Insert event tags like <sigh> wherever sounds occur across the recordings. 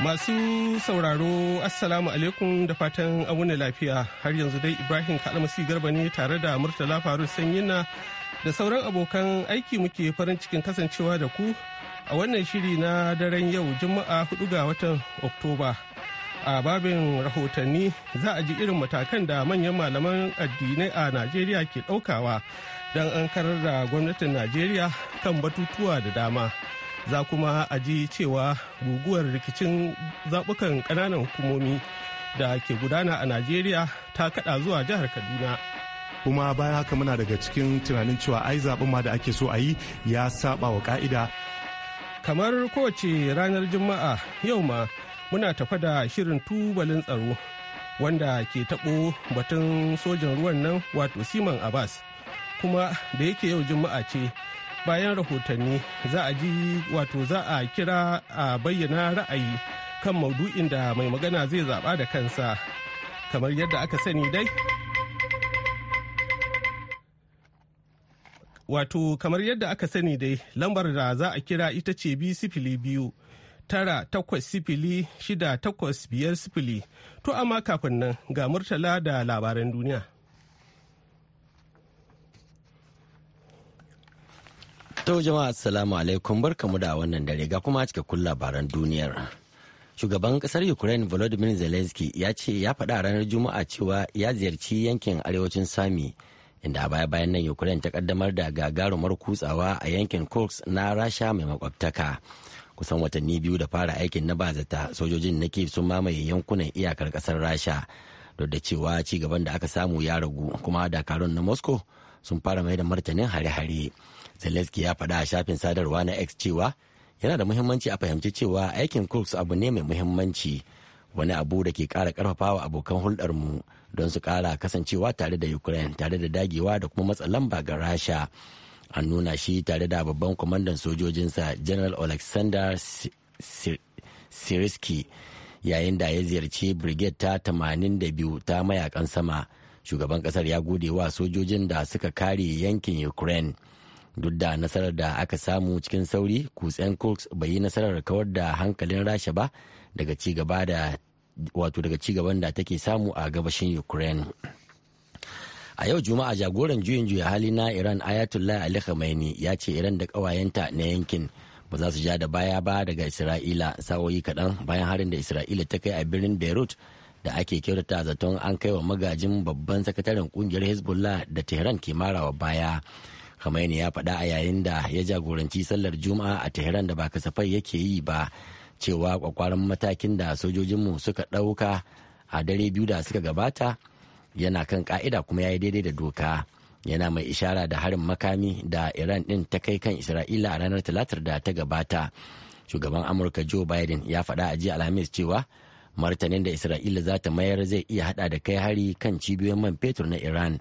Masu sauraro Assalamu alaikum da fatan ne lafiya har yanzu dai Ibrahim Kalmasi Garba ne tare da Murtala Faru Sanyina da sauran abokan aiki muke farin cikin kasancewa da ku a wannan shiri na daren yau Juma'a 4 ga watan Oktoba. A babin rahotanni za a ji irin matakan da manyan malaman addinai a Najeriya ke ɗaukawa don an karar da gwamnatin Najeriya kan batutuwa da dama. za kuma a ji cewa guguwar rikicin zaɓukan ƙananan hukumomi da ke gudana a najeriya ta kaɗa zuwa jihar kaduna kuma baya haka muna daga cikin tunanin cewa ai zaɓin ma da ake so a yi ya saba wa ƙa'ida kamar kowace ranar juma'a yau ma muna tafa da shirin tubalin tsaro wanda ke taɓo batun sojan ruwan nan wato siman abbas kuma da yake yau juma'a ce bayan rahotanni za a ji wato za a kira a bayyana ra'ayi kan maudu'in da mai magana zai zaɓa da kansa kamar yadda aka sani dai wato kamar yadda aka sani dai lambar da za a kira ita ce bi sifili biyu tara takwas sifili shida takwas biyar sifili to amma kafin nan ga murtala da labaran duniya To jama'a assalamu alaikum barkamu da wannan dare ga kuma kun labaran duniyar. Shugaban kasar Ukraine Volodymyr Zelensky ya ce ya faɗa ranar Juma'a cewa ya ziyarci yankin arewacin Sami inda baya bayan nan Ukraine ta kaddamar da gagarumar kutsawa a yankin Kursk na Rasha mai makwabtaka. Kusan watanni biyu da fara aikin na bazata sojojin na sun mamaye yankunan iyakar kasar Rasha duk da cewa ci gaban da aka samu ya ragu kuma dakarun na Moscow sun fara mai da martanin hare-hare. zelensky ya faɗa a shafin sadarwa na x cewa yana da muhimmanci a fahimci cewa aikin crooks abu ne mai muhimmanci wani abu da ke kara karfafawa abokan hulɗarmu don su kara kasancewa tare da ukraine tare da dagewa da kuma matsa lamba ga rasha an nuna shi tare da babban kwamandan sojojinsa general alexander siriski yayin da ya ziyarci brigade ta 82 ta mayakan sama shugaban kasar ya gode wa sojojin da suka kare yankin ukraine duk da nasarar da aka samu cikin sauri kutsen cooks bai yi nasarar kawar da hankalin rasha ba daga ci da wato daga ci da take samu a gabashin ukraine a yau juma'a jagoran juyin juya hali na iran ayatollah ali khamenei ya ce iran da kawayenta na yankin ba za su ja da baya ba daga isra'ila sa'o'i kaɗan bayan harin da isra'ila ta kai a birnin beirut da ake kyautata zaton an kai wa magajin babban sakataren kungiyar hezbollah da tehran ke marawa baya Khamenei ya faɗa a yayin da ya jagoranci sallar Juma'a a Tehran da ba kasafai yake yi ba cewa kwakwaran matakin da sojojinmu suka ɗauka a dare biyu da suka gabata yana kan ka'ida kuma ya yi daidai da doka. yana mai ishara da harin makami da iran ɗin ta kai kan isra'ila a ranar talatar da ta gabata shugaban amurka joe biden ya faɗa a jiya alhamis cewa martanin da isra'ila za ta mayar zai iya hada da kai hari kan cibiyoyin man fetur na iran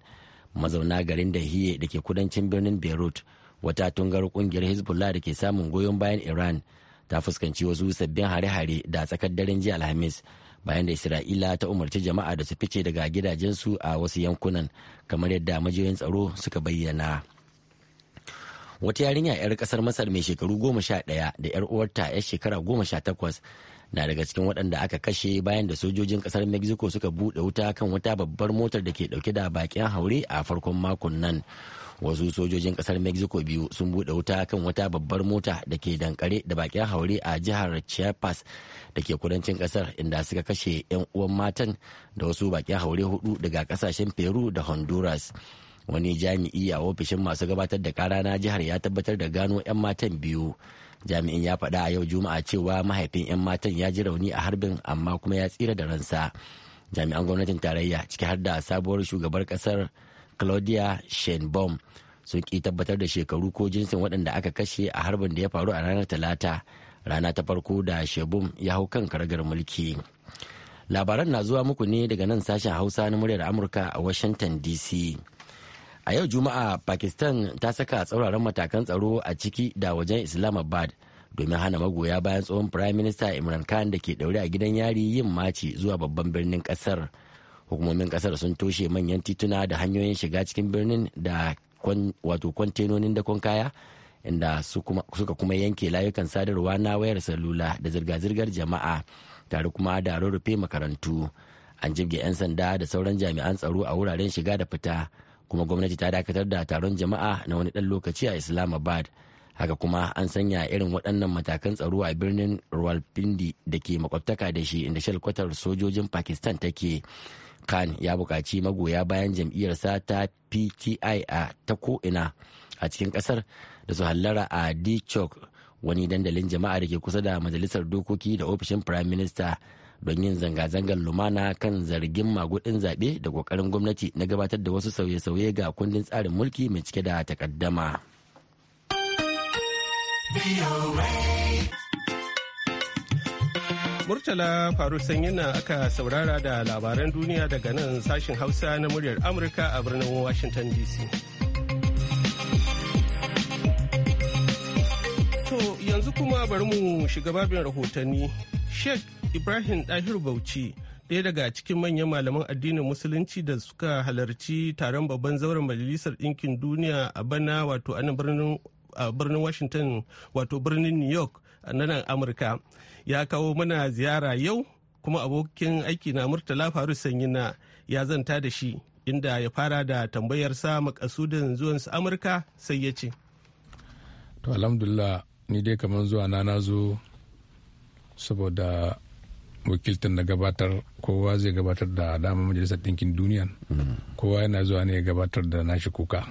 mazauna garin dahiye da ke kudancin birnin beirut wata tungar kungiyar hezbollah da ke samun goyon bayan iran ta fuskanci wasu sabbin hare-hare da tsakar daren jiya alhamis bayan da isra'ila ta umarci jama'a da su fice daga gidajensu a wasu yankunan kamar yadda majiyoyin tsaro suka bayyana wata yarinya 'yar kasar masar mai shekaru goma sha ɗaya da 'yar uwarta 'yar shekara goma sha takwas na daga cikin waɗanda aka kashe bayan da sojojin ƙasar mexico suka buɗe wuta kan wata babbar motar da ke ɗauke da bakin haure a farkon makon nan wasu sojojin ƙasar mexico biyu sun buɗe wuta kan wata babbar mota da ke dankare da bakin haure a jihar chiapas da ke kudancin ƙasar inda suka kashe 'yan uwan matan da wasu bakin haure hudu daga ƙasashen peru da honduras wani jami'i a ofishin masu gabatar da kara na jihar ya tabbatar da gano 'yan matan biyu jami'in ya faɗa a yau juma'a cewa mahaifin 'yan matan ya ji rauni a harbin amma kuma ya tsira da ransa jami'an gwamnatin tarayya ciki har da sabuwar shugabar kasar claudia sheinbaum sun ki tabbatar da shekaru ko jinsin waɗanda aka kashe a harbin da ya faru a ranar talata rana ta farko da shebum ya hau kan karagar mulki labaran na zuwa muku ne daga nan sashen hausa na muryar amurka a washington dc a yau juma'a pakistan ta saka tsauraran matakan tsaro a ciki da wajen islamabad domin hana magoya bayan tsohon prime minister imran khan da ke daure a gidan yari yin maci zuwa babban birnin kasar hukumomin kasar sun toshe manyan tituna da hanyoyin shiga cikin birnin da wato kwantenonin dakon kaya inda suka kuma yanke layukan sadarwa na wayar salula da zirga-zirgar jama'a tare kuma da rurrufe makarantu an jibge 'yan sanda da sauran jami'an tsaro a wuraren shiga da fita kuma gwamnati ta dakatar da taron jama'a na wani ɗan lokaci a islamabad haka kuma an sanya irin waɗannan matakan tsaro a birnin rawalpindi da ke makwabtaka da shi inda shalkwatar sojojin pakistan take khan ya buƙaci magoya bayan jam'iyyarsa ta pti a ta ko'ina a cikin ƙasar da su hallara a dichok wani dandalin jama'a da ke kusa da majalisar dokoki da ofishin prime minister don yin zanga-zangar lumana kan zargin magudin zaɓe da ƙoƙarin gwamnati na gabatar da wasu sauye-sauye ga kundin tsarin mulki mai cike da takaddama. Murtala faru Faruk na aka saurara da labaran duniya daga nan sashin Hausa na muryar Amurka a birnin Washington DC. To yanzu kuma bari mu shiga babin rahotanni. Sheikh Ibrahim Dahir Bauchi ɗaya daga cikin manyan malaman addinin musulunci da suka halarci taron babban zauren majalisar ɗinkin duniya a bana wato a birnin washington wato birnin new york a nan amurka ya kawo mana ziyara yau kuma abokin aiki na murtala faru sanyina ya zanta da shi inda ya fara da tambayar sa makasudin su amurka sai ya ce to alhamdulillah ni dai kamar zuwa na na zo saboda wakiltar na gabatar kowa zai gabatar da dama majalisar ɗinkin duniya kowa yana zuwa ne ya gabatar da nashi kuka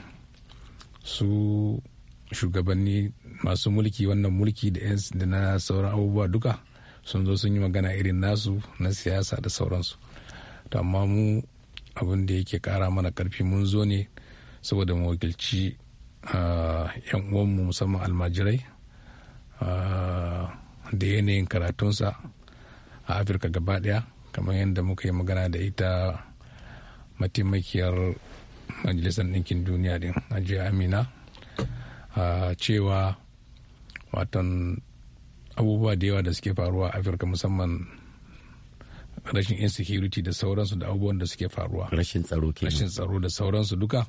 su shugabanni masu mulki wannan mulki da 'yan da na sauran abubuwa duka sun zo sun yi magana irin nasu na siyasa da sauransu amma mu abin da yake kara mana karfi mun zo ne saboda mu wakilci 'yan ah, uwanmu musamman almajirai ah, da yanayin karatunsa a afirka gaba daya kamar yadda muka yi magana da ita mataimakiyar majalisar ɗinkin duniya din ajiya amina a cewa watan abubuwa da yawa da suke faruwa a afirka musamman rashin insecurity da sauransu da abubuwan da suke faruwa rashin tsaro rashin tsaro da sauransu duka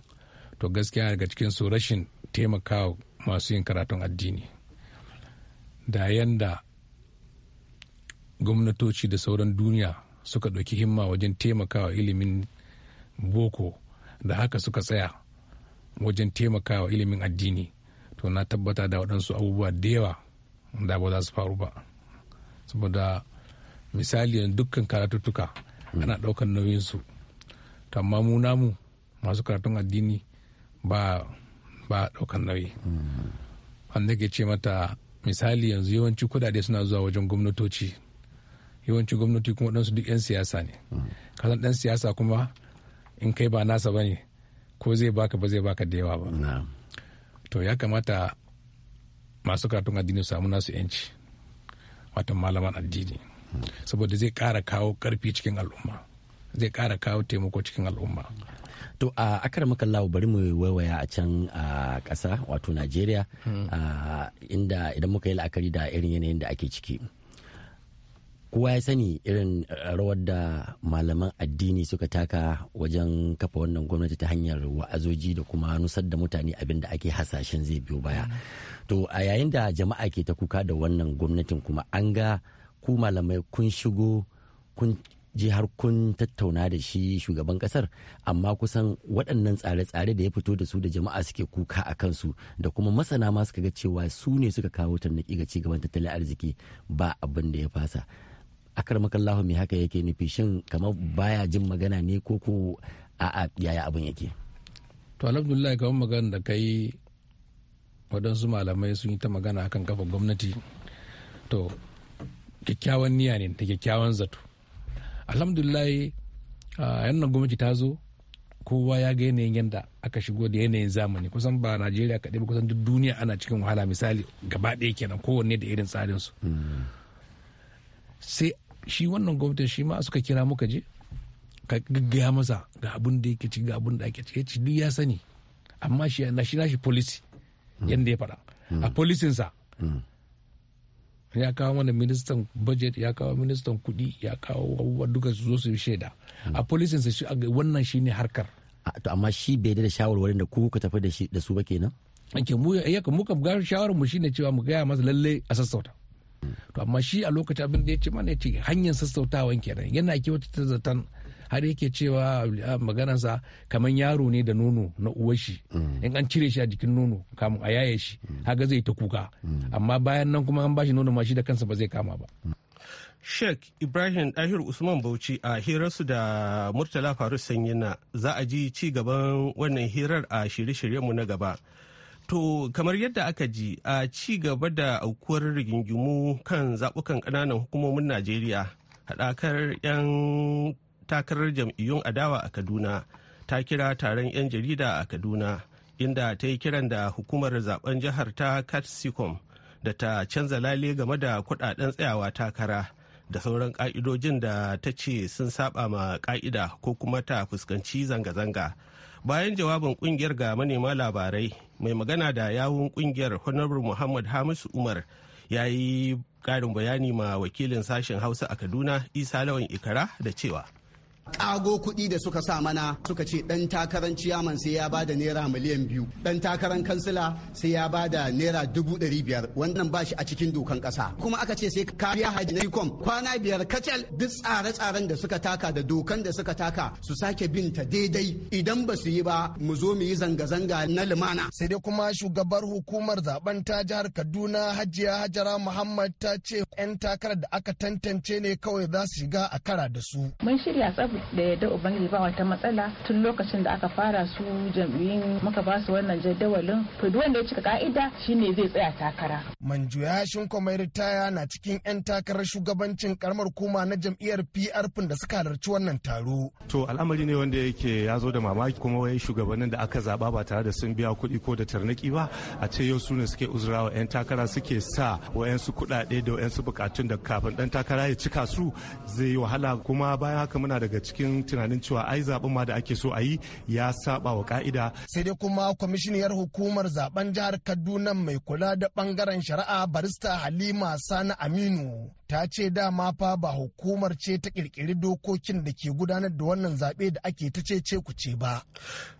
to gaskiya daga cikin su rashin taimakawa masu yin karatun addini da yanda gwamnatoci da sauran duniya suka ɗauki himma wajen taimakawa ilimin boko da haka suka tsaya wajen taimakawa ilimin addini to na tabbata da waɗansu abubuwa da yawa da ba za su faru ba saboda misali dukkan karatuttuka hmm. ana ɗaukar nauyinsu to amma mu namu masu karatun addini ba a ɗaukar nauyi hmm. wanda ke ce mata misali yanzu yawanci kudade suna zuwa wajen gwamnatoci yawanci gwamnati kuma ɗansu duk 'yan siyasa ne kasan ɗan siyasa kuma in kai ba nasa ba ko zai baka ba zai baka da yawa ba to ya kamata masu karatun addini samu nasu 'yanci wata malaman addini saboda zai ƙara kawo ƙarfi cikin al'umma zai kara kawo taimako cikin al'umma to a akar lawo bari mu waiwaya a can a ƙasa wato najeriya hmm. inda idan muka yi la'akari da irin yanayin da ake ciki kowa ya sani irin eh, rawar da malaman addini suka taka wajen kafa wannan gwamnati ta hanyar wa'azoji da kuma nusar da mutane abin da ake hasashen zai biyo baya to a yayin da jama'a ke ta kuka da wannan gwamnatin kuma an ga ku malamai kun shigo kun je har kun tattauna da shi shugaban kasar amma kusan waɗannan tsare-tsare da ya fito da su da jama'a suke kuka a kansu da kuma masana ma suka ga cewa su ne suka kawo tannaki ga cigaban tattalin arziki ba abin da ya fasa akar makallahu me haka yake nufi shin kamar baya jin magana ne ko ko a'a yaya abin yake to alhamdulillah kamar magana da kai waɗansu malamai sun yi ta magana akan kafa gwamnati to kyakkyawan niyya ne da kyakkyawan zato alhamdulillah yannan gwamnati ta zo kowa ya ga yanayin yadda aka shigo da yanayin zamani kusan ba najeriya kaɗai ba kusan duk duniya ana cikin wahala misali gaba ɗaya kenan kowanne da irin tsarinsu hmm. sai shi wannan gwamnatin shi ma suka kira muka je ka gaggaya masa ga abin da yake ci ga abin da ake ci duk ya sani amma shi na shi nashi polisi yadda ya faɗa a polisinsa sa ya kawo mana ministan budget ya kawo ministan kuɗi ya kawo abubuwa duka su zo su shaida a polisinsa sa wannan shi ne harkar to amma shi bai da shawarwarin da ku ka tafi da su ba kenan ake mu ya mu ka shawarar mu shine cewa mu gaya masa lalle a sassauta to amma shi a lokacin abin da ya ce mana ce hanyar sassautawan kenan yana kyautata zaton har yake cewa maganarsa kamar yaro ne da nono na uwashi mm. in an cire shi a jikin nono kamun a yaye shi mm. haka zai ta kuka mm. amma bayan nan kuma an bashi nono ma shi da kansa ba zai kama ba Sheikh Ibrahim Dahir Usman Bauchi a hirarsu da Murtala Faru Sanyina za a ji ci gaban wannan hirar a shirye-shiryenmu na gaba. To kamar yadda aka ji a ci gaba da aukuwar rigingimu kan zaɓukan ƙananan hukumomin Najeriya haɗakar 'yan takarar jam'iyyun adawa a Kaduna ta kira taron 'yan jarida a Kaduna inda ta yi kiran da hukumar zaben jihar ta Katsikom da ta canza lale game da kudaden tsayawa takara da sauran ka'idojin da ta ce sun saba ma ka'ida ko kuma ta fuskanci zanga-zanga bayan jawabin kungiyar ga manema labarai mai magana da yawun kungiyar honorable muhammad hamisu umar ya yi ƙarin bayani ma wakilin sashen hausa a kaduna isa lawan ikara da cewa kago kuɗi da suka sa mana suka ce ɗan takarar ciyaman sai ya bada naira miliyan biyu ɗan takarar kansila sai ya bada naira dubu ɗari biyar wannan ba shi a cikin dokan ƙasa kuma aka ce sai kariya haji na ikom kwana biyar kacal duk tsare-tsaren da suka taka da dokan da suka taka su sake bin ta daidai idan ba su yi ba mu zo mu yi zanga-zanga na lumana. sai dai kuma shugabar hukumar zaben ta jihar kaduna hajiya hajara muhammad ta ce 'yan takarar da aka tantance ne kawai za su shiga a kara da su. mun shirya tsab da yadda ubangiji ba wata matsala tun lokacin da aka fara su jam'iyyun muka ba su wannan jadawalin to duk wanda ya cika ka'ida shine zai tsaya takara manjuya shinko mai ritaya na cikin 'yan takarar shugabancin karamar kuma na jam'iyyar PRP da suka halarci wannan taro to al'amari ne wanda yake ya zo da mamaki kuma wai shugabannin da aka zaba ba tare da sun biya kuɗi ko da tarnaki ba a ce yau su ne suke uzurawa 'yan takara suke sa wayansu kuɗaɗe da wayansu bukatun da kafin ɗan takara ya cika su zai yi wahala kuma bayan haka muna daga cikin tunanin cewa ai zaben ma da ake so a yi ya saba wa ka'ida sai dai kuma kwamishiniyar hukumar zaben jihar kaduna mai kula da bangaren shari'a barista halima sani aminu ta ce dama fa ba hukumar ce ta kirkiri dokokin da ke gudanar da wannan zaɓe da ake ta ce ce ku ce ba.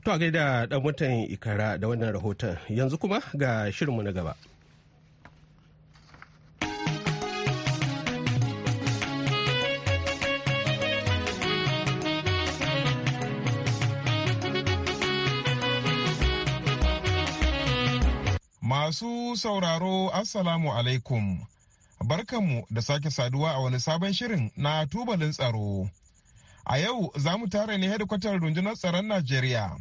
To a gaida ɗan mutan ikara da wannan rahoton yanzu kuma ga shirinmu na gaba. Masu sauraro Assalamu alaikum. Barkanmu da sake saduwa a wani sabon shirin na tubalin tsaro. A yau za mu tare ne hedikwatar rundunar tsaron Najeriya,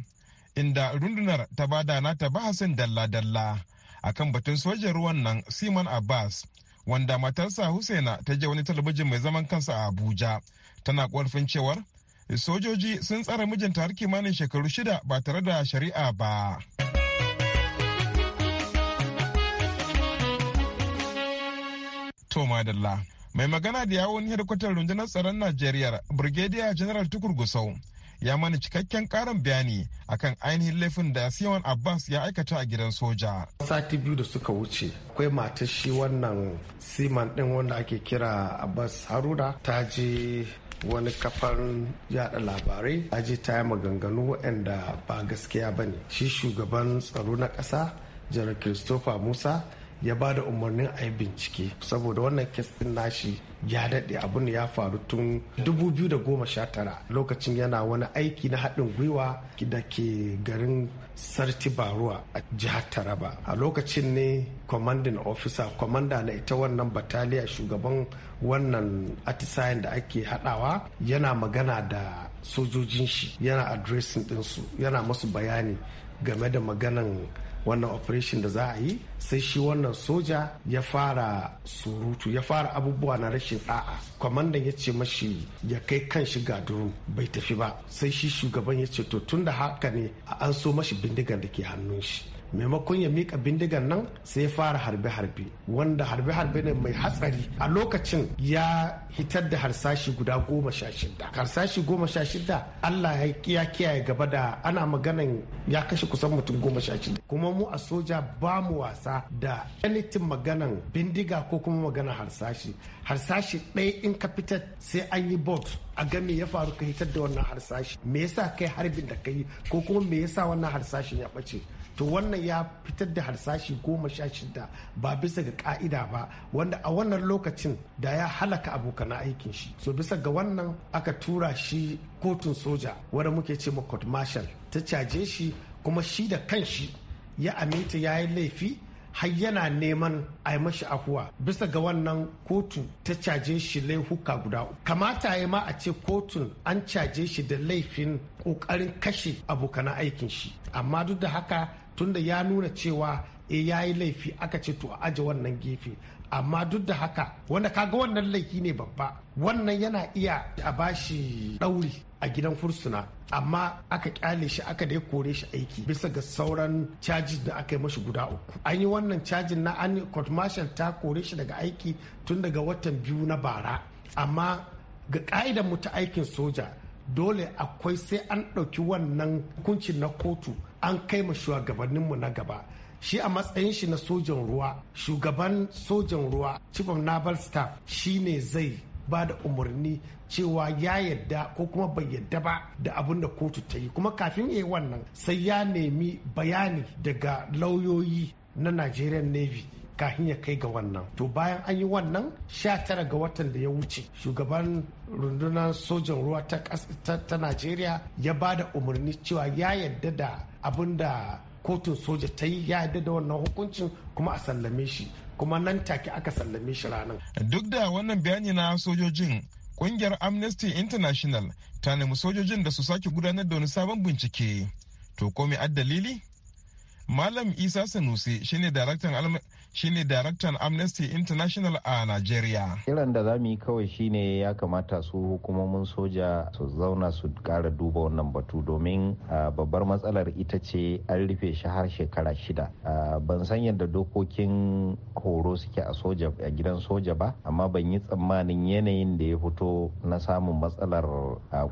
inda rundunar ta bada nata bahasin dalla-dalla akan batun sojan ruwan nan Siman Abbas, wanda matarsa Husaina ta je wani talabijin mai zaman kansa a Abuja. Tana ƙwarfin cewar, sojoji sun tsara mijinta har kimanin shekaru shida ba tare da shari'a ba. Mai magana da yawon hedkwatar rundunar tsaron Najeriya, Brigadier General Tukur Gusau, ya mana cikakken karin bayani akan ainihin laifin da Siwan Abbas ya aikata a gidan soja. Sati biyu da suka wuce, akwai matar shi wannan siman ɗin wanda ake kira Abbas Haruna ta je wani kafan yada labarai aji ta yi maganganu waɗanda ba gaskiya ba ne shi shugaban tsaro na ƙasa janar christopher musa ya ba da umarnin a yi bincike saboda wannan kes din nashi ya daɗe abun ya faru tun 2019 lokacin yana wani aiki na haɗin gwiwa da ke garin sarti baruwa a jihar taraba a lokacin ne commanding officer kwamanda na ita wannan bataliya shugaban wannan atisayen da ake haɗawa yana magana da sojojin shi yana addressing ɗinsu yana masu bayani game da maganan wannan operation da za a yi sai shi wannan soja ya fara surutu ya fara abubuwa na rashin da'a kwamandan ya ce mashi ya kai kan shi bai tafi ba sai shi shugaban ya ce to tun da haka ne an so mashi bindigan da ke hannun shi maimakon ya mika bindigan nan sai ya fara harbe-harbe wanda harbe-harbe ne mai hatsari a lokacin ya hitar da harsashi guda goma sha shida harsashi goma sha shida allah ya kiyaye gaba da ana maganan ya kashe kusan mutum goma sha shida kuma mu a soja ba mu wasa da anything maganan bindiga ko kuma maganan harsashi harsashi ɗaya in ka fitar sai an yi bot a ga me ya faru ka hitar da wannan harsashi me yasa kai harbin da ka ko kuma me yasa wannan harsashin ya ɓace to wannan ya fitar da harsashi goma sha shida ba bisa ga ka'ida ba wanda a wannan lokacin da ya halaka abokan aikin shi so bisa ga wannan aka tura shi kotun soja wanda muke ce ma court marshal ta caje shi kuma shi da kanshi ya aminta ya yi laifi har yana neman a yi mashi afuwa bisa ga wannan kotu ta caje shi laifuka guda kamata ya ma a ce kotun an caje shi da laifin kokarin kashe abokan aikin shi amma duk da haka tunda ya nuna cewa e eh, ya yi laifi aka ce to a aje wannan gefe amma duk da haka wanda kaga wannan laifi ne babba wannan yana iya a bashi ɗauri a gidan fursuna amma aka kyale shi aka dai kore shi aiki bisa ga sauran cajin da aka yi mashi guda uku an yi wannan cajin na an court martial ta kore shi daga aiki tun daga watan biyu na bara amma ga ka'idar mu ta aikin soja dole akwai sai an ɗauki wannan hukuncin na kotu an kai ma shugabanninmu na gaba shi a matsayin shi na sojan ruwa shugaban sojan ruwa chief of naval staff ne zai ba da umarni cewa ya yadda ko kuma bai yadda ba da abin da kotu ta yi kuma kafin ya yi wannan sai ya nemi bayani daga lauyoyi na nigerian navy kafin ya kai ga wannan to bayan an yi wannan sha tara ga watan da ya wuce shugaban rundunar sojan ruwa ta najeriya ya ba da umarni cewa ya yadda da abin da kotun soja ta yi ya yadda da wannan hukuncin kuma a sallame shi kuma nan take aka sallame shi ranar duk da wannan bayani na sojojin kungiyar amnesty international ta nemi sojojin da su sake gudanar da wani sabon bincike to ko me dalili malam isa sanusi shine daraktan shine daraktan amnesty international a nigeria kiran da za mu yi kawai shine ya kamata su hukumomin soja su zauna su kara duba wannan batu domin babbar matsalar ita ce an rufe shi har shekara shida ban san yadda dokokin horo suke a soja a gidan soja ba amma ban yi tsammanin yanayin da ya fito na samun matsalar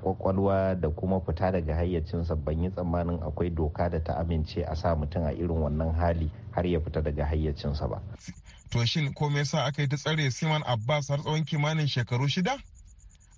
kwakwalwa da kuma fita daga hayyacinsa ban yi tsammanin akwai doka da ta amince a sa mutum a irin wannan hali har ya fita daga hayyacinsa ba. To shin ko me yasa aka yi ta tsare Siman Abbas har tsawon kimanin shekaru shida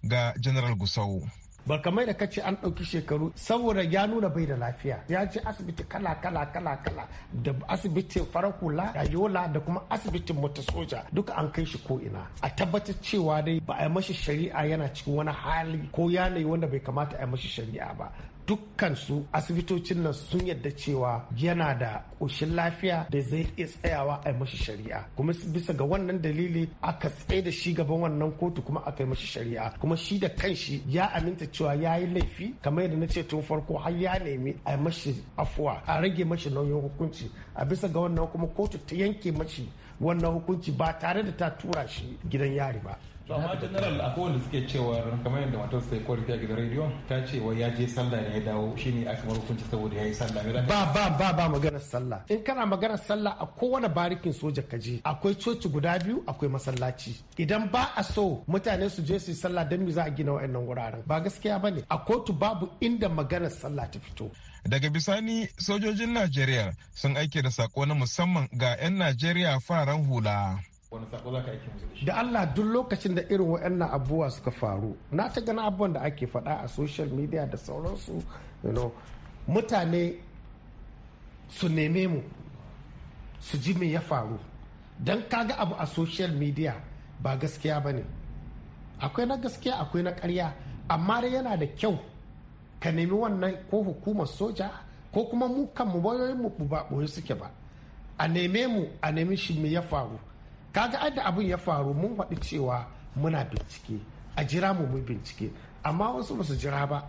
ga General Gusau? ba kamar da kace an ɗauki shekaru saboda ya nuna bai da lafiya ya je asibiti kala kala kala kala da asibitin farar hula da yola da kuma asibitin mota soja duka an kai shi ko ina a tabbatar cewa dai ba a yi mashi shari'a yana cikin wani hali ko yanayi wanda bai kamata a yi mashi shari'a ba dukkansu asibitocin nan sun yadda cewa yana da ƙoshin lafiya da zai iya tsayawa a mashi shari'a kuma bisa ga wannan dalili aka tsaye da shi gaban wannan kotu kuma aka yi mashi shari'a kuma shi da kanshi ya aminta cewa ya yi laifi kamar yadda na ce tun farko har ya nemi a mashi afuwa a rage mashi nauyin hukunci a bisa ga wannan kuma kotu ta yanke mashi wannan hukunci ba tare da ta tura shi gidan yari ba to amma general akwai wanda suke cewa kamar yadda matar sai kwarfi a gidan rediyo ta ce wai ya je sallah ne ya dawo shine aka bar hukunci saboda ya yi sallah ba ba ba ba maganar sallah in kana maganar sallah a kowane barikin soja ka je akwai coci guda biyu akwai masallaci idan ba a so mutane su je su yi sallah don me za a gina wa'annan wuraren ba gaskiya ne a kotu babu inda maganar sallah ta fito daga bisani sojojin najeriya sun aike da sako na musamman ga 'yan najeriya faran hula da Allah duk lokacin da irin waɗannan abubuwa suka faru na ta gana abubuwan da ake faɗa a social media da sauransu mutane su neme mu su ji me ya faru don kaga abu a social media ba gaskiya ba ne akwai na gaskiya akwai na karya amma dai yana da kyau ka nemi wannan ko hukumar soja ko kuma mu kanmu mu ba ɓoye suke ba a neme mu a nemi shi me ya faru kaga adda abin ya faru mun faɗi cewa muna bincike a jira mu mun bincike amma wasu ba su jira ba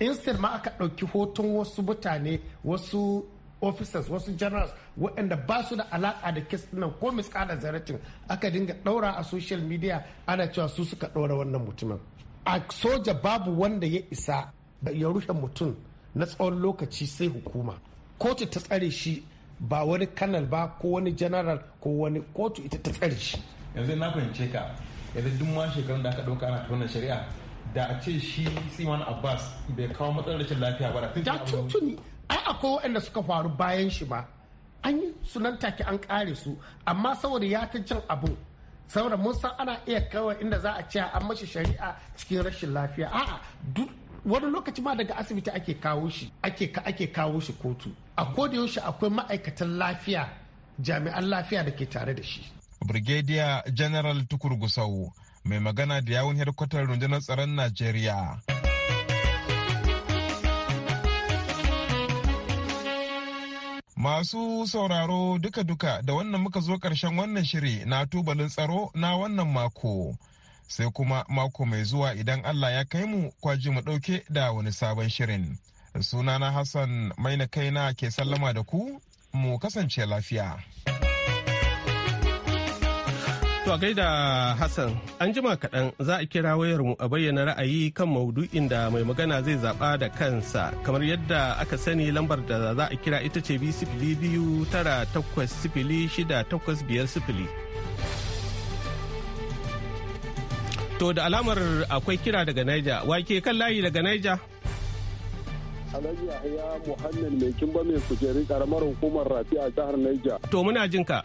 instead ma aka ɗauki hoton wasu mutane wasu officers wasu generals waɗanda ba su da alaƙa da kes nan ko miskala zaratin aka dinga ɗaura a social media ana cewa su suka ɗaura wannan mutumin a soja babu wanda ya isa ya rufe mutum na tsawon lokaci sai hukuma kotu ta tsare shi ba wani kanal ba ko wani general ko wani kotu ita ta tsare shi yanzu na fahimce ka yanzu duk ma shekarun da aka ɗauka ana ta wannan shari'a da a ce shi siman abbas bai kawo matsalar rashin lafiya ba da tuntuni ai akwai waɗanda suka faru bayan shi ba an yi sunan take an kare su amma saboda ya ta jin abu saboda mun san ana iya kawai inda za a ce an mashi shari'a cikin rashin lafiya a'a duk wani lokaci ma daga asibiti ake kawo shi ake ake kawo shi kotu a koda yaushe akwai ma'aikatan lafiya jami'an lafiya da ke tare da shi brigadier general tukur gusau mai magana da yawun hedkwatar rundunar tsaron najeriya Masu sauraro duka-duka da wannan muka zo ƙarshen wannan shiri na tubalin tsaro na wannan mako. sai kuma mako mai zuwa idan Allah ya kai mu kwaji mu ɗauke da wani sabon shirin. Sunana Hassan maina na ke sallama da ku mu kasance lafiya. To gaida Hassan, an jima kaɗan za a kira wayar mu a bayyana ra'ayi kan maudu'in da mai magana zai zaɓa da kansa kamar yadda aka sani lambar da za a kira ita ce biyu tara takwas sifili shida takwas biyar sifili. To da alamar akwai kira daga Naija, wake kan layi daga Naija? Alhaji Yahaya Muhammad mai kimba mai kujeri karamar hukumar rafi a jihar Naija. To muna jin ka.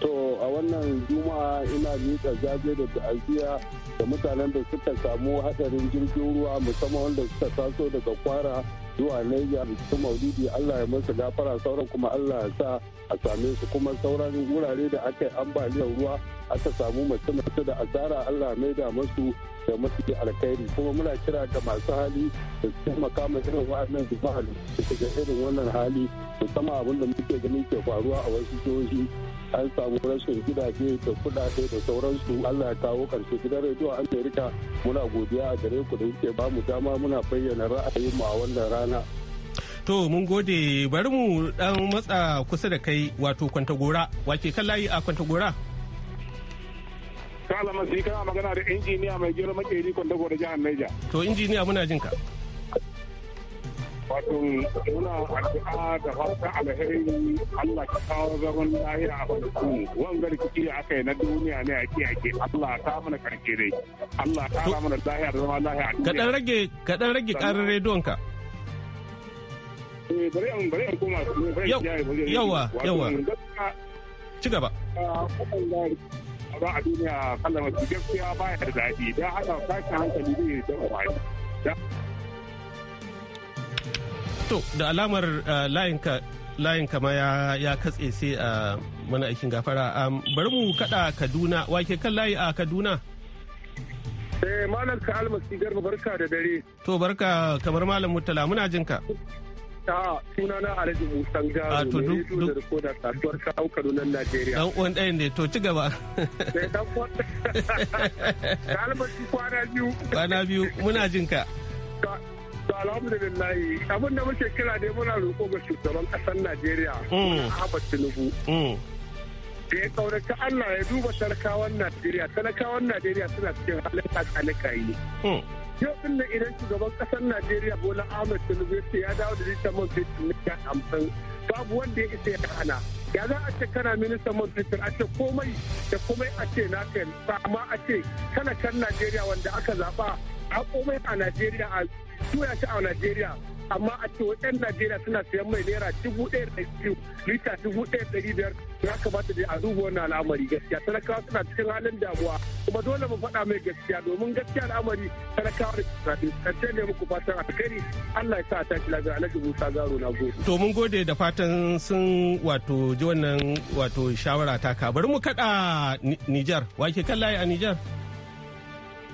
To a wannan juma'a ina miƙa zabe da ta'aziyya da mutanen da suka samu hadarin jirgin ruwa musamman wanda suka taso daga kwara zuwa Niger bikin Maulidi Allah ya masa gafara sauran kuma Allah ya sa a same su kuma sauran wurare da aka yi ambaliyar ruwa aka samu mace-mace da asara Allah mai da masu da masu alkhairi kuma muna kira ga masu hali da su taimaka ma irin wa'annan jama'a da ga irin wannan hali da sama abin da muke ganin ke faruwa a wasu jihohi an samu rashin gidaje da kudade da sauransu Allah ya kawo karshe gidan rediyo Amerika muna godiya a gare ku da yake ba mu dama muna bayyana ra'ayinmu a wannan rana rana. To mun gode bari mu dan matsa kusa da kai wato kwantagora wake kan layi a kwantagora. Kala masu kana magana da injiniya mai gero makeri kwantagora jihar Niger. To injiniya muna jin ka. Wato muna addu'a da fata Allah ka kawo a rikici Allah ta Kaɗan rage kaɗan rediyon ka Eh, yawa yawa ci gaba da to da alamar layinka eh, layin kama ya katse sai a eh, mana aikin gafara bari mu kada kaduna wake kan layi a kaduna eh malam ka almasi garba barka da dare to barka kamar malam murtala muna jinka A sunana Alhaji Musan Garo ah, ne su da rikoda kasuwar kawo Kadunan Najeriya. Dan uwan ɗayan ne to ci gaba. Sai dan uwan. <laughs> Kalmaci kwana biyu. Kwana biyu muna jin ka. alhamdulillah abin da muke kira dai muna roƙo ga shugaban ƙasar Najeriya. Mm. Ahmad Tinubu. Mm. Da ya ƙaunaci Allah ya duba talakawan Najeriya talakawan Najeriya suna cikin halin tsakanin kayi. Mm. yau da idan shugaban kasar najeriya bola ahmed tinubu ya dawo da litan man fetur miliyan amfan babu wanda ya isa ya hana ya za a ce kana ministan man fetur a ce komai da komai a ce na kai amma a ce kana kan najeriya wanda aka zaba a komai a najeriya a tuya shi a najeriya amma a ce yan najeriya suna siyan mai naira dubu ɗaya da biyu lita dubu ɗaya da biyar ya kamata da a duba wannan al'amari gaskiya talakawa suna cikin halin damuwa kuma dole mu faɗa mai gaskiya domin gaskiya al'amari talakawa da kusurati ƙarshe ne muku fatan alkhairi allah ya sa a tashi lafiya alhaji musa zaro na gode. to mun gode da fatan sun wato ji wannan wato shawara taka bari mu kaɗa nijar wa ke kan layi a nijar.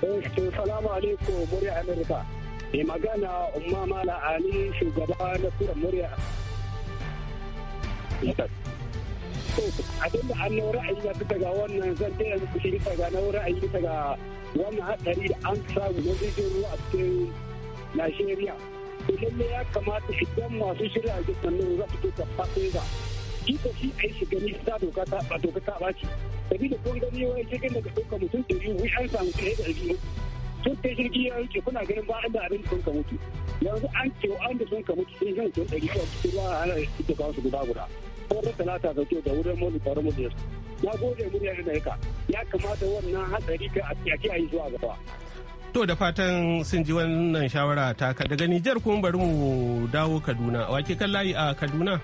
Eh, salamu alaikum murya amurka. Mai magana umma mala Ali shugaba na kura murya. abin da an ra'ayi ya bisa ga wannan zan ɗaya muku shi bisa ga nau ra'ayi bisa ga wannan haɗari da an samu na zirgin ruwa a cikin Najeriya. To lalle ya kamata don masu shirya jirgin sannan za su ke tafasin ga. Kika shi a yi shiga ta doka ta ɓaci. da kun gani wani jirgin daga ɗaukar mutum ɗari wani an samu ɗaya da biyu. sun sai jirgi ya wuce kuna ganin ba da abin sun ka mutu yanzu an ce an da sun ka mutu sun zan sun ɗari a cikin ruwa ana suke kawo su guda guda ko da talata da kyau da wurin mu da mu da na gode murya da ka ya kamata wannan hatsari ka a kiyaye zuwa gaba To da fatan sun ji wannan shawara ka daga Nijar kuma bari mu dawo Kaduna. Wake kan layi a Kaduna?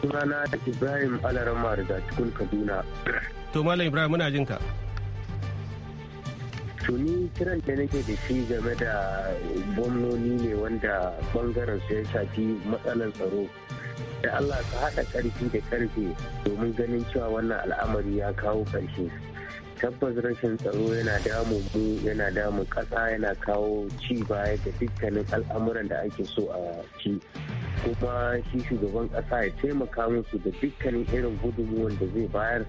Sunana Ibrahim Alaramma da cikin Kaduna. To Malam Ibrahim muna jinka. ka. to ni kiran da nake da shi game da gwamnoni ne wanda bangaren su ya shafi matsalar tsaro da Allah ka haɗa ƙarfi da ƙarfe domin ganin cewa wannan al'amari ya kawo ƙarshe tabbas rashin tsaro yana damu mu yana damun ƙasa yana kawo ci baya da dukkanin al'amuran da ake so a ci kuma shi shugaban ƙasa ya taimaka musu da dukkanin irin gudunmuwan da zai bayar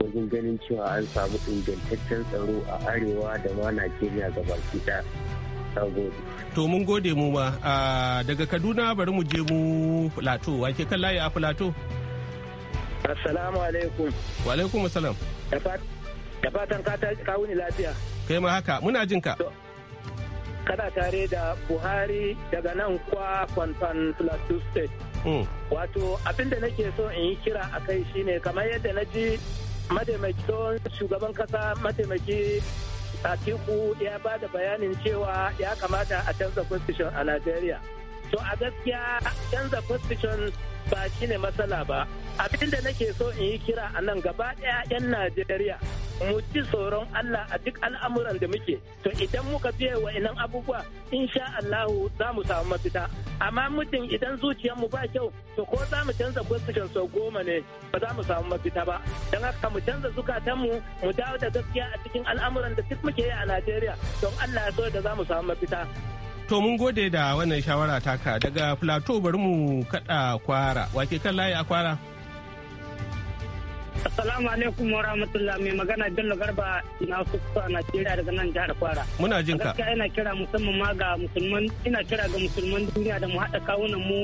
wajen ganin cewa an samu ingantaccen tsaro a arewa da ma najeriya gabaki ɗaya To mun gode mu ma daga Kaduna bari mu je mu Plateau wake kan layi a Plateau. Assalamu alaikum. Wa alaikum assalam. Da fatan ka wuni lafiya. Kai ma haka muna jin ka. Kana tare da Buhari daga nan kwa Kwanton Plateau State. Hmm. Wato abinda nake so in yi kira a kai shine kamar yadda na ji Madaimakin shugaban kasa mataimaki Atiku ya ba da bayanin cewa ya kamata a canza constitution a Najeriya. To a gaskiya canza constitution ba shi ne matsala ba. Abin nake so in yi kira a nan gaba daya 'yan Najeriya mu ci tsoron Allah a duk al'amuran da muke to idan muka biya wa inan abubuwa insha Allah za mu samu mafita amma mutum idan zuciyar mu ba kyau to ko za mu canza position sau goma ne ba za mu samu mafita ba don haka mu canza zukatan mu mu dawo da gaskiya a cikin al'amuran da duk muke yi a Najeriya don Allah ya so da za mu samu mafita To mun gode da wannan shawara taka daga Plateau bari mu kada kwara. Wake kan layi a kwara? Assalamu alaikum wa rahmatullah mai magana Bello Garba na Sokoto a Najeriya daga nan jihar Kwara. Muna jin ka. Gaskiya ina kira musamman ma ga musulman ina kira ga musulman duniya da mu haɗa kawunan mu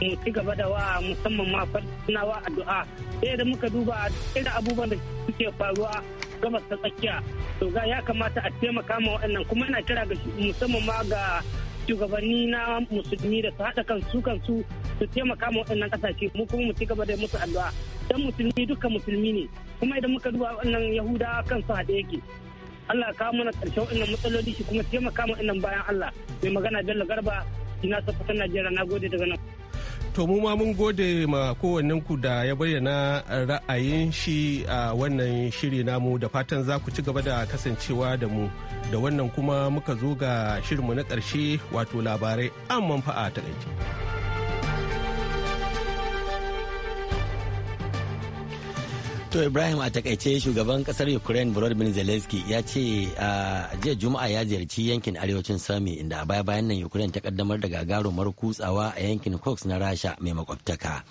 mu ci gaba da wa musamman ma wa addu'a. Sai da muka duba irin abubuwan da suke faruwa gabas ta tsakiya. To ga ya kamata a taimaka ma waɗannan kuma ina kira ga musamman ma ga shugabanni na musulmi da su haɗa kansu kansu su taimaka ma waɗannan ƙasashe mu kuma mu ci gaba da musu addu'a dan musulmi duka musulmi ne kuma idan muka duba waɗannan yahudawa kansu haɗe yake Allah ya kawo mana ƙarshen waɗannan matsaloli shi kuma taimaka ma waɗannan bayan Allah mai magana Bello Garba ina sa Najeriya na gode daga nan To mu ma mun gode ma kowanninku da ya bayyana ra'ayin shi a wannan shiri namu da fatan za ku ci gaba da kasancewa da mu. Da wannan kuma muka zo ga shirinmu na ƙarshe wato labarai amman fa'a takaice. To Ibrahim a takaice shugaban kasar Ukraine Volodymyr Zelensky ya ce a jiya Juma'a ya ziyarci yankin arewacin Sami inda a baya bayan nan Ukraine ta kaddamar da gagarumar kutsawa a yankin Cox na Rasha mai makwabtaka.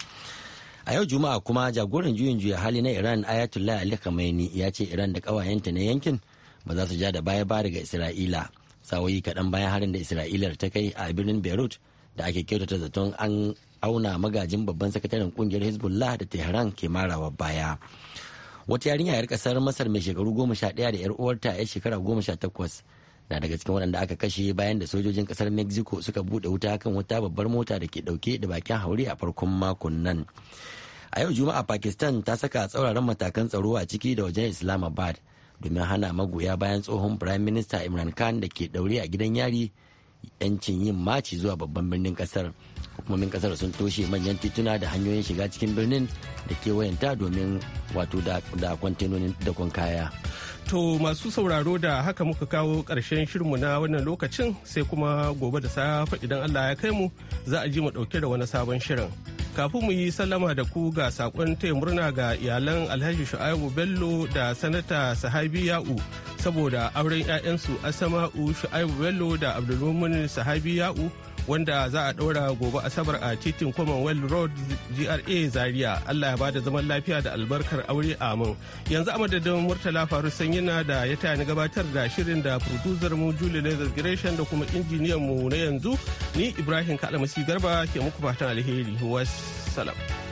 A yau Juma'a kuma jagoran juyin juya hali na Iran Ayatollah Ali Khamenei ya ce Iran da kawayenta na yankin ba za su ja da baya ba daga Isra'ila. Sawayi kaɗan bayan harin da Isra'ilar ta kai a birnin Beirut da ake kyautata zaton an auna magajin babban sakataren kungiyar hezbollah da tehran ke marawa baya wata yarinya yar kasar masar mai shekaru goma sha ɗaya da yar uwarta yar shekara goma sha takwas na daga cikin waɗanda aka kashe bayan da sojojin kasar mexico suka buɗe wuta kan wata babbar mota da ke ɗauke da bakin hauri a farkon makon nan a yau juma'a pakistan ta saka tsauraran matakan tsaro a ciki da wajen islamabad domin hana magoya bayan tsohon prime minister imran khan da ke ɗaure a gidan yari yancin yin maci zuwa babban birnin kasar hukumomin kasar sun toshe manyan tituna da hanyoyin shiga cikin birnin da kewayenta domin wato da kwantenonin dakon kaya to masu sauraro da haka muka kawo ƙarshen shirinmu na wannan lokacin sai kuma gobe da safe idan allah ya kai mu za a ji mu ɗauke da wani sabon shirin kafin mu yi sallama da ku ga sakon taya murna ga iyalan alhaji shu'aibu bello da sanata sahabi ya'u saboda auren 'ya'yansu asama'u shu'aibu bello da abdulmumin sahabi ya'u wanda za a ɗora gobe asabar a titin commonwealth road gra zaria allah ya ba da zaman lafiya da albarkar aure a amin yanzu a madadin murtala faru sanyina da ya taya ni gabatar da shirin da producer mu julie lezer gresham da kuma injiniyan mu na yanzu ni ibrahim kalamasi garba ke muku fatan alheri Wasalam.